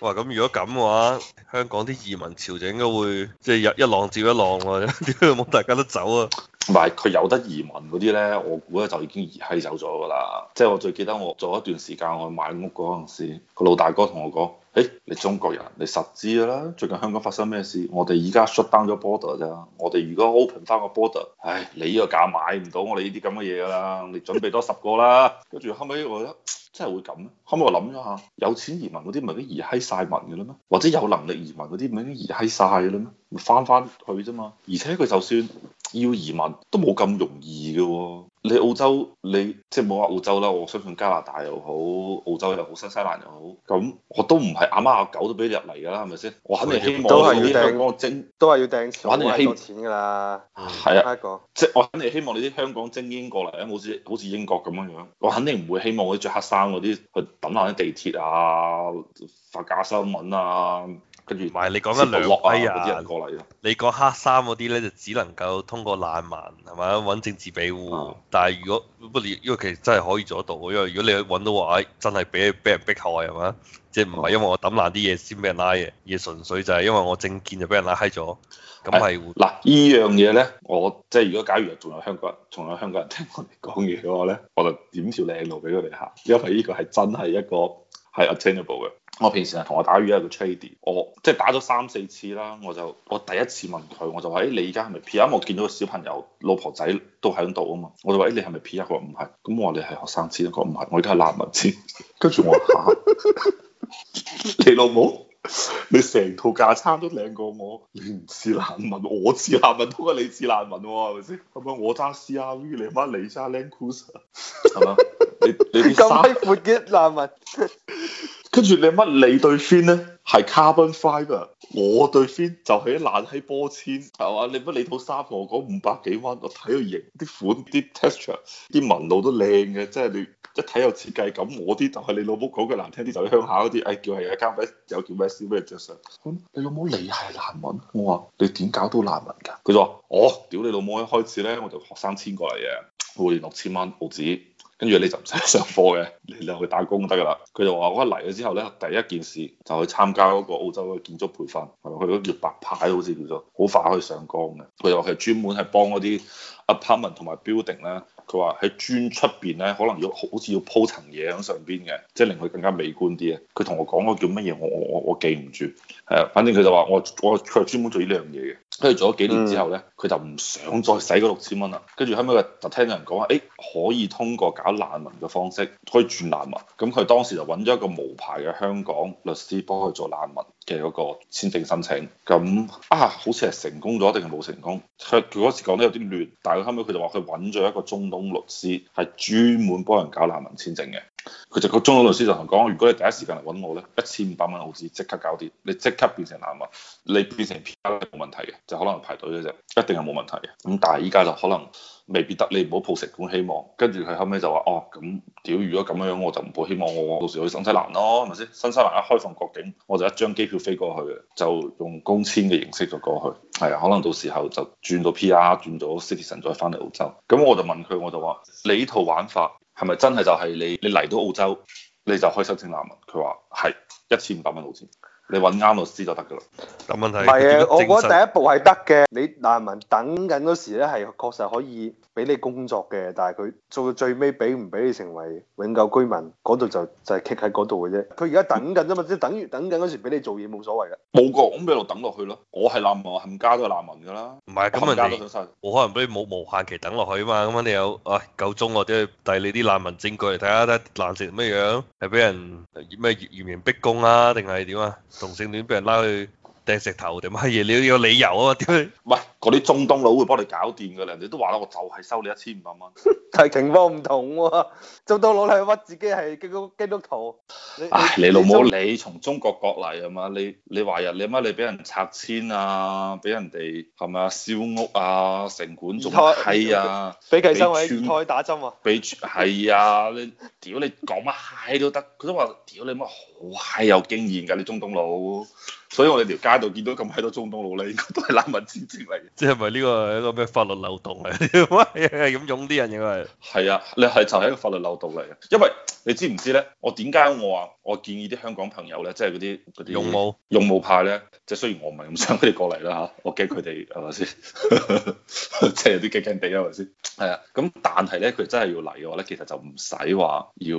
哇，咁如果咁嘅話，香港啲移民潮就應該會即係一一浪接一浪喎，啊，點解冇大家都走啊？唔係，佢有得移民嗰啲咧，我估咧就已經移氣走咗噶啦。即、就、係、是、我最記得我做一段時間我去買屋嗰陣時，個老大哥同我講：，誒、欸，你中國人，你實知噶啦。最近香港發生咩事？我哋而家 shut down 咗 border 咋？我哋如果 open 開翻個 border，唉，你依個價買唔到我哋呢啲咁嘅嘢噶啦，你準備多十個啦。跟住 後尾我覺得。真係會咁咩？後尾我諗咗下，有錢移民嗰啲咪啲移閪晒民嘅啦咩？或者有能力移民嗰啲咪啲移閪晒嘅啦咩？翻翻去啫嘛。而且佢就算。要移民都冇咁容易嘅喎、啊，你澳洲你即係冇話澳洲啦，我相信加拿大又好，澳洲又好，新西蘭又好，咁我都唔係阿媽阿狗都俾你入嚟㗎啦，係咪先？我肯定希望都。都係要掟。香港精都係要掟錢。肯定要錢㗎啦。係啊，一個即係我肯定希望你啲香港精英過嚟啊，好似好似英國咁樣樣，我肯定唔會希望啲着黑衫嗰啲去等下啲地鐵啊，發假新聞啊。唔係，你講緊雷洛啊！啲人過嚟你講黑衫嗰啲咧，就只能夠通過難民係嘛，揾政治庇護。嗯、但係如果不過，因為其實真係可以做得到。因為如果你揾到話，唉，真係俾俾人逼害係嘛，即係唔係因為我抌爛啲嘢先俾人拉嘅，而係純粹就係因為我政見就俾人拉閪咗。咁係嗱，嗯嗯、樣呢樣嘢咧，我即係如果假如仲有香港人，仲有香港人聽我哋講嘢嘅話咧，我就點條靚路俾佢哋行，因為呢個係真係一個係 attainable 嘅。我平時啊同我打魚一個 trady，、er、我即係打咗三四次啦，我就我第一次問佢，我就話誒、欸、你而家係咪 PR？我見到個小朋友老婆仔都喺度啊嘛，我就話誒你係咪 PR？佢話唔係，咁我話你係學生簽，佢話唔係，我而家係難民簽。跟住我話嚇、啊，你老母？你成套架生都靚過我，你唔似難民，我似難民，都過你似難，、哦、難民，係咪先？係咪我揸 CRV，你媽你揸 Land Cruiser 係咪？你你咁民。跟住你乜你對 fin 咧係 carbon fiber 我對 fin 就係一爛喺玻纖，係嘛？你乜你套衫我講五百幾蚊，我睇到型、啲款、啲、那、texture、個、啲紋路都靚嘅，即係你一睇有設計感。我啲就係你老母講句難聽啲，就鄉下嗰啲，誒、哎、叫係一間咩有叫咩師咩著上。咁、嗯、你老母你係難民，我話你點搞到難民㗎？佢就話我屌你老母，一開始咧我就學生簽過嚟嘅，每年六千蚊澳紙。跟住你就唔使上課嘅，你你去打工得噶啦。佢就話：我一嚟咗之後咧，第一件事就去參加嗰個澳洲嘅建築培訓，係咪？佢嗰叫白牌好似叫做，好快可以上崗嘅。佢又話係專門係幫嗰啲 apartment 同埋 building 咧，佢話喺磚出邊咧可能要好似要鋪層嘢喺上邊嘅，即係令佢更加美觀啲啊。佢同我講嗰叫乜嘢，我我我記唔住。係啊，反正佢就話我我佢係專門做呢樣嘢嘅。跟住做咗幾年之後咧，佢就唔想再使嗰六千蚊啦。跟住後尾就聽人講話，誒、哎、可以通過搞難民嘅方式可以轉難民。咁佢當時就揾咗一個無牌嘅香港律師幫佢做難民嘅嗰個簽證申請。咁啊，好似係成功咗定係冇成功？佢佢嗰時講得有啲亂，但係後尾佢就話佢揾咗一個中東律師，係專門幫人搞難民簽證嘅。佢就個中佬老師就同講：如果你第一時間嚟揾我咧，一千五百蚊澳紙即刻搞掂，你即刻變成難民，你變成 PR 冇問題嘅，就可能排隊嘅啫，一定係冇問題嘅。咁但係依家就可能未必得，你唔好抱成管希望。跟住佢後尾就話：哦，咁屌！如果咁樣我就唔抱希望，哦，我到時去新西蘭咯，係咪先？新西蘭一開放國境，我就一張機票飛過去嘅，就用公簽嘅形式就過去。係啊，可能到時候就轉到 PR，轉咗 Citizen 再翻嚟澳洲。咁我就問佢，我就話：你呢套玩法？係咪真係？就係你？你嚟到澳洲你就可以申請難民？佢話係一千五百蚊澳紙。你揾啱律師就得㗎啦。咁問題唔係啊，我覺得第一步係得嘅。你難民等緊嗰時咧，係確實可以俾你工作嘅。但係佢做到最尾，俾唔俾你成為永久居民，嗰度就就係棘喺嗰度嘅啫。佢而家等緊啫嘛，即 等於等緊嗰時俾你做嘢冇所謂嘅。冇個咁俾度等落去咯。我係難民，冚家都係難民㗎啦。唔係咁人我可能俾你冇無限期等落去啊嘛。咁你有，喂夠鐘或者要遞你啲難民證據嚟睇下，睇下難成咩樣，係俾人咩嚴嚴嚴嚴刑逼供啊，定係點啊？同性戀被人拉去。掟石頭，點乜嘢？你要理由啊嘛？點？唔係，嗰啲中東佬會幫你搞掂噶啦，人哋都話啦，我就係收你一千五百蚊，係 情況唔同喎、啊，中東佬係屈自己係基督基督徒。你唉，你老母，你從中國國嚟啊嘛？你你華人，你乜？你俾人拆遷啊，俾人哋係咪啊？燒屋啊，城管仲係啊，俾計生委川打針啊，俾 係啊，你屌你講乜閪都得，佢都話屌你乜好閪有經驗㗎，你中東佬。所以我哋條街度見到咁閪多中東佬咧，應該都係難民之戰嚟嘅。即係咪呢個係一個咩法律漏洞嚟？咁湧啲人應該係。係啊，你係就係、是、一個法律漏洞嚟嘅。因為你知唔知咧？我點解我話我建議啲香港朋友咧，即係嗰啲嗰啲勇武勇武派咧？即係雖然我唔係咁想佢哋過嚟啦嚇， 我驚佢哋係咪先？ 是吧 即係有啲驚驚地係咪先？係啊，咁但係咧，佢真係要嚟嘅話咧，其實就唔使話要。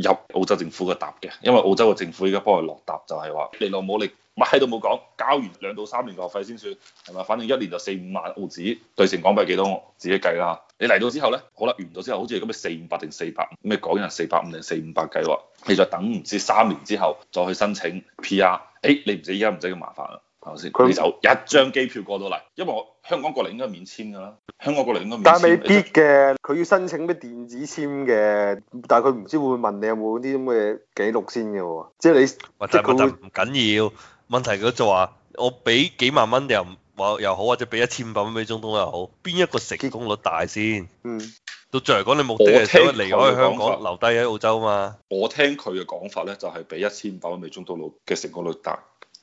入澳洲政府嘅答嘅，因為澳洲嘅政府依家幫佢、就是、落答就係話你老母，你乜閪都冇講，交完兩到三年嘅學費先算，係嘛？反正一年就四五萬澳紙，對成港幣幾多自己計啦。你嚟到之後咧，好啦，完咗之後，好似咁嘅四五百定四百，咩講緊四百五定四五百計劃，你再等唔知三年之後再去申請 PR，誒、哎，你唔使依家唔使咁麻煩啦。佢就一張機票過到嚟，因為我香港過嚟應該免簽嘅啦，香港過嚟應該免簽。免但係未必嘅，佢就要申請咩電子簽嘅，但係佢唔知會唔會問你有冇啲咁嘅記錄先嘅喎。即係你，但即係佢唔緊要。問題佢就話：我俾幾萬蚊又唔又好，或者俾一千五百蚊俾中東又好，邊一個成功率大先嗯？嗯。到最後講，你目的係想離開香港，留低喺澳洲嘛？我聽佢嘅講法咧，就係俾一千五百蚊俾中東佬嘅成功率大。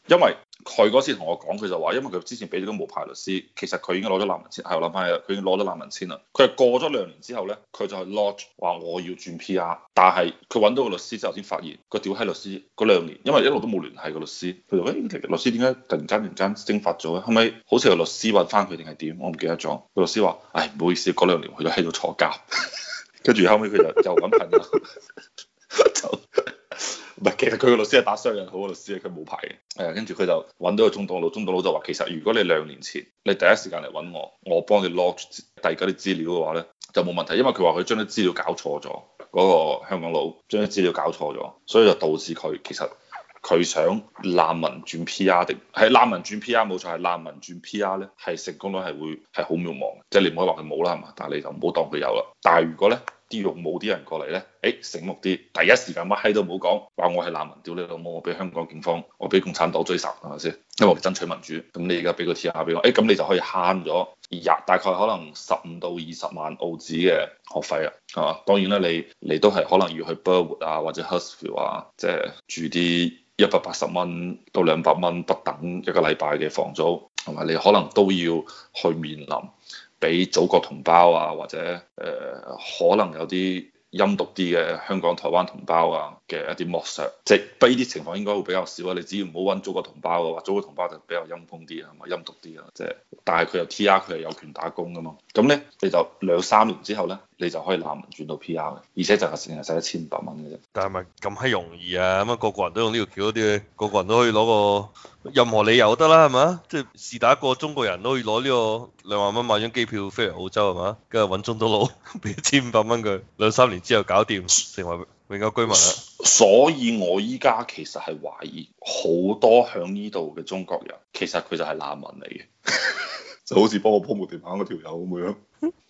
因為佢嗰次同我講，佢就話，因為佢之前俾咗個無牌律師，其實佢已經攞咗難民簽，係、哎、我諗係佢已經攞咗難民簽啦。佢係過咗兩年之後呢，佢就去 lodge 話我要轉 PR，但係佢揾到個律師之後先發現個屌閪律師嗰兩年，因為一路都冇聯繫個律師，佢就誒、哎，律師點解突然間突然間蒸發咗咧？後尾好似個律師揾翻佢定係點？我唔記得咗。個律師話，唉、哎，唔好意思，嗰兩年佢都喺度坐監，跟 住後尾，佢就就揾朋友。 其實佢個律師係打商人好律師嘅，佢冇牌嘅。係啊，跟住佢就揾到個中東佬，中東佬就話其實如果你兩年前你第一時間嚟揾我，我幫你攞第嗰啲資料嘅話呢，就冇問題，因為佢話佢將啲資料搞錯咗，嗰個香港佬將啲資料搞錯咗，所以就導致佢其實佢想難民轉 PR 定係難民轉 PR 冇錯，係難民轉 PR 呢，係成功率係會係好渺茫嘅，即係你唔可以話佢冇啦係嘛，但係你就唔好當佢有啦。但係如果呢……啲肉冇啲人過嚟咧，誒，醒目啲，第一時間乜閪都唔好講，話我係難民，屌你老母，我俾香港警方，我俾共產黨追殺，係咪先？因為我爭取民主，咁你而家俾個貼卡俾我，誒、欸，咁你就可以慳咗廿，大概可能十五到二十萬澳紙嘅學費啊，係嘛？當然啦，你你都係可能要去 Burwood 啊，或者 Hurstville 啊，即、就、係、是、住啲一百八十蚊到兩百蚊不等一個禮拜嘅房租，同埋你可能都要去面臨。俾祖國同胞啊，或者、呃、可能有啲陰毒啲嘅香港、台灣同胞啊嘅一啲剝削，即係呢啲情況應該會比較少啊！你只要唔好揾祖國同胞嘅話，祖國同胞就比較陰功啲啊，係咪陰毒啲啊？即係，但係佢有 T R，佢係有權打工噶嘛？咁咧，你就兩三年之後咧，你就可以難民轉到 P R 嘅，而且淨係淨係使一千五百蚊嘅啫。但係咪咁閪容易啊？咁啊，個個人都用呢條橋嗰啲，個個人都可以攞個任何理由得啦、啊，係咪即係是但、就是、個中國人都可以攞呢個兩萬蚊買張機票飛嚟澳洲係咪？跟住揾中東佬俾一千五百蚊佢，兩三年之後搞掂，成為永久居民啦。所以我依家其實係懷疑好多喺呢度嘅中國人，其實佢就係難民嚟嘅，就好似幫我鋪木地板嗰條友咁樣，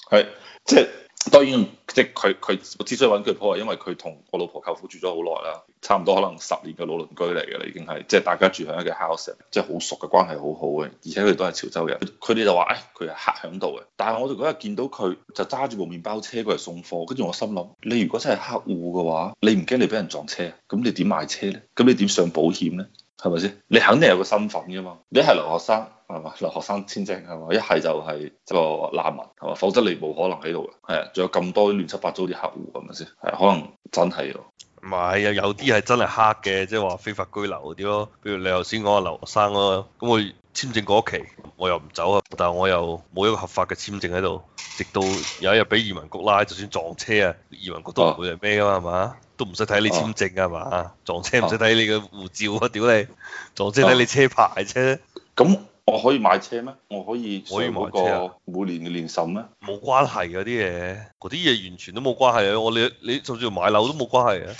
係即係。嗯。當然，即係佢佢我之所以揾佢 p 因為佢同我老婆舅父住咗好耐啦，差唔多可能十年嘅老鄰居嚟嘅啦，已經係即係大家住喺一個 house，即係好熟嘅關係，好好嘅，而且佢哋都係潮州人，佢哋就話誒佢係黑喺度嘅，但係我哋嗰日見到佢就揸住部麪包車過嚟送貨，跟住我心諗，你如果真係黑戶嘅話，你唔驚你俾人撞車，咁你點買車咧？咁你點上保險咧？係咪先？你肯定有個身份嘅嘛，你係留學生。係嘛，留學生簽證係嘛，一係就係即係難民係嘛，否則你冇可能喺度係啊，仲有咁多亂七八糟啲客戶係咪先？係可能真係喎，唔係啊，嗯、有啲係真係黑嘅，即係話非法居留嗰啲咯，比如你頭先講阿留學生咯，咁佢簽證過期，我又唔走啊，但係我又冇一個合法嘅簽證喺度，直到有一日俾移民局拉，就算撞車啊，移民局都唔會係咩噶嘛，係嘛、啊，都唔使睇你簽證噶嘛，撞車唔使睇你嘅護照啊，屌你，撞車睇你車牌啫，咁。我可以買車咩？我可以上嗰個可以買車、啊、每年嘅年審咩？冇關係嘅啲嘢，嗰啲嘢完全都冇關係啊！我你你就算買樓都冇關係嘅、啊。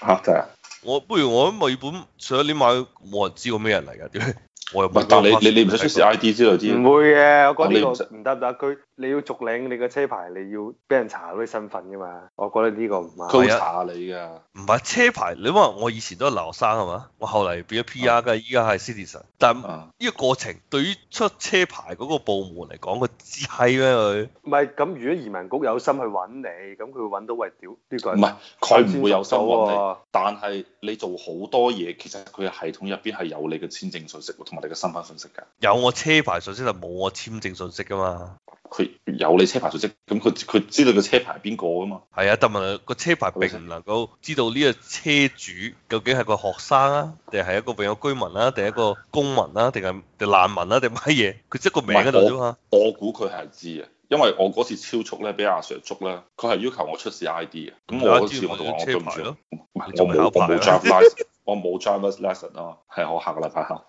嚇、啊？真係、啊？我不如我喺墨爾本上一年買，冇人知我咩人嚟㗎？ 我又唔係，但你你你唔使出示 I D 之類知唔會嘅，我覺得呢個唔得唔得，佢你要續領你個車牌，你要俾人查嗰啲身份噶嘛。我覺得呢個唔係。佢會查你㗎、嗯。唔係車牌，你諗下，我以前都係留學生係嘛？我後嚟變咗 P R，跟住依家係 Citizen。嗯、citizen，但呢個過程、嗯、對於出車牌嗰個部門嚟講，個閪咩佢？唔係，咁、嗯、如果移民局有心去揾你，咁佢會揾到喂屌呢個。唔係、嗯，佢唔會有心揾你，但係你做好多嘢，其實佢嘅系統入邊係有你嘅簽證信息我哋嘅身份信息噶，有我車牌信息，就冇我簽證信息噶嘛。佢有你車牌信息，咁佢佢知道個車牌係邊個噶嘛？係啊，但係個車牌並唔能夠知道呢個車主究竟係個學生啊，定係一個永久居民啊，定一個公民啊，定係難民啊，定乜嘢？佢即個名喺度啫嘛。我估佢係知啊，因為我嗰次超速咧，俾阿 Sir 捉啦，佢係要求我出示 ID 啊。咁現我好我我車牌咯，我冇冇我冇 drivers lesson 啊，係我客嘅立法考，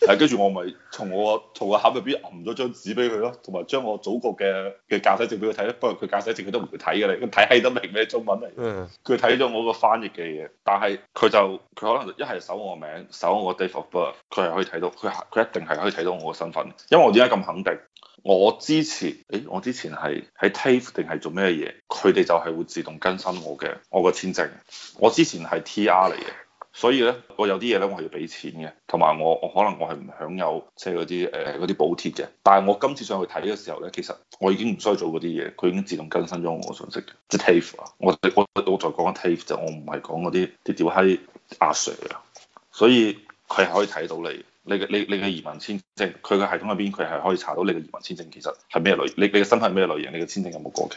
係跟住我咪從我個從盒入邊揞咗張紙俾佢咯，同埋將我祖國嘅嘅駕駛證俾佢睇，不過佢駕駛證佢都唔會睇嘅你，咁睇得明咩中文嚟？佢睇咗我個翻譯嘅嘢，但係佢就佢可能一係搜我名，搜我 date of birth 佢係可以睇到，佢佢一定係可以睇到我個身份，因為我點解咁肯定？我之前誒我之前係喺 TAFE 定係做咩嘢，佢哋就係會自動更新我嘅我個簽證，我之前係 TR 嚟嘅。所以咧，我有啲嘢咧，我係要俾錢嘅，同埋我我可能我係唔享有即係嗰啲誒啲補貼嘅。但係我今次上去睇嘅時候咧，其實我已經唔需要做嗰啲嘢，佢已經自動更新咗我嘅信息。即係 TAFE 啊，我我我再講緊 TAFE 就我唔係講嗰啲啲屌閪阿 sir 啊，所以佢係可以睇到你你嘅你你嘅移民簽證，佢嘅系統入邊佢係可以查到你嘅移民簽證其實係咩類，你你嘅身份係咩類型，你嘅簽證有冇過期。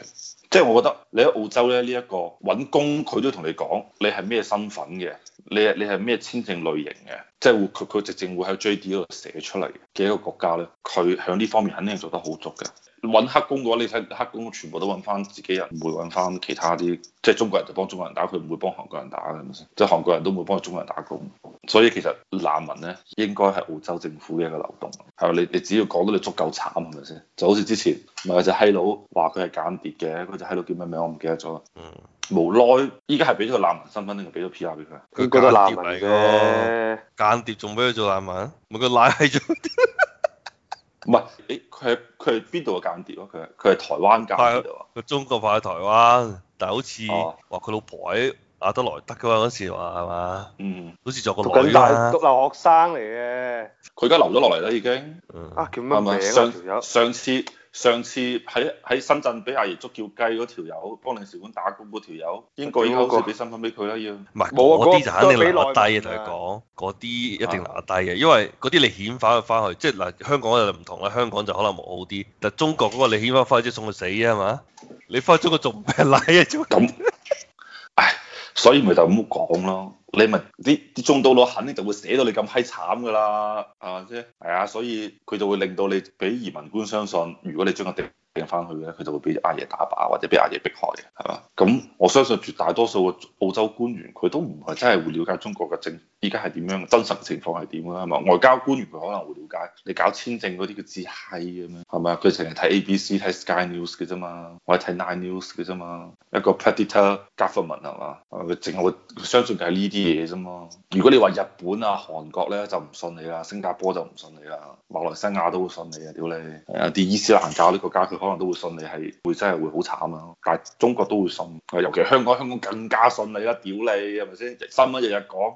即係我覺得你喺澳洲咧呢一個揾工，佢都同你講你係咩身份嘅。你係你係咩簽證類型嘅？即係會佢佢直情會喺 J D 嗰度寫出嚟嘅。一個國家咧，佢喺呢方面肯定做得好足嘅。揾黑工嘅話，你睇黑工全部都揾翻自己人，唔會揾翻其他啲，即係中國人就幫中國人打，佢唔會幫韓國人打嘅，係咪先？即係韓國人都唔會幫中國人打工。所以其實難民咧，應該係澳洲政府嘅一個漏洞。係你你只要講到你足夠慘，係咪先？就好似之前咪有隻閪佬話佢係間諜嘅，嗰隻閪佬叫咩名我唔記得咗。嗯。無奈依家係俾咗個難民身份定係俾咗 P R 俾佢？佢個間諜嚟嘅？間諜仲俾佢做難民？唔係個難咗？做，唔係你佢係佢係邊度嘅間諜咯？佢佢係台灣間諜佢中國派去台灣，但係好似話佢老婆喺阿德萊德嘅話嗰時話係嘛？嗯，好似做個女啦、啊。留學生嚟嘅，佢而家留咗落嚟啦已經。啊叫乜嘢？上上次。上次喺喺深圳俾阿爺捉叫雞嗰條友，幫領事館打工嗰條友，應該應該要俾身份俾佢啦，要。唔係，冇嗰啲就肯定留低嘅，同佢講，嗰啲一定留低嘅，是的 因為嗰啲你遣返去翻去，即係嗱，香港又唔同啦，香港就可能冇好啲，D, 但係中國嗰個你遣翻翻去即係送佢死啊嘛，你翻中國仲唔俾拉啊？點會咁？樣所以咪就咁講咯，你咪啲啲中刀佬肯定就會寫到你咁閪慘噶啦，係咪先？係啊，所以佢就會令到你俾移民官相信，如果你將個地訂翻去咧，佢就會俾阿爺打靶或者俾阿爺逼害嘅，係嘛？咁我相信絕大多數個澳洲官員佢都唔係真係會了解中國嘅政，而家係點樣真實情況係點噶嘛？外交官員佢可能會了解，你搞簽證嗰啲叫自嗨。咁樣，係咪佢成日睇 A B C 睇 Sky News 嘅啫嘛，我係睇 Nine News 嘅啫嘛，一個 Predator Government 係嘛？佢淨係相信就係呢啲嘢啫嘛。如果你話日本啊、韓國咧就唔信你啦，新加坡就唔信你啦，馬來西亞都會信你啊！屌你，有啲伊斯蘭教呢個國家可能都會信你係會，會真係會好慘啊。但係中國都會信，尤其香港，香港更加信你啦，屌你係咪先，新聞日日講。天天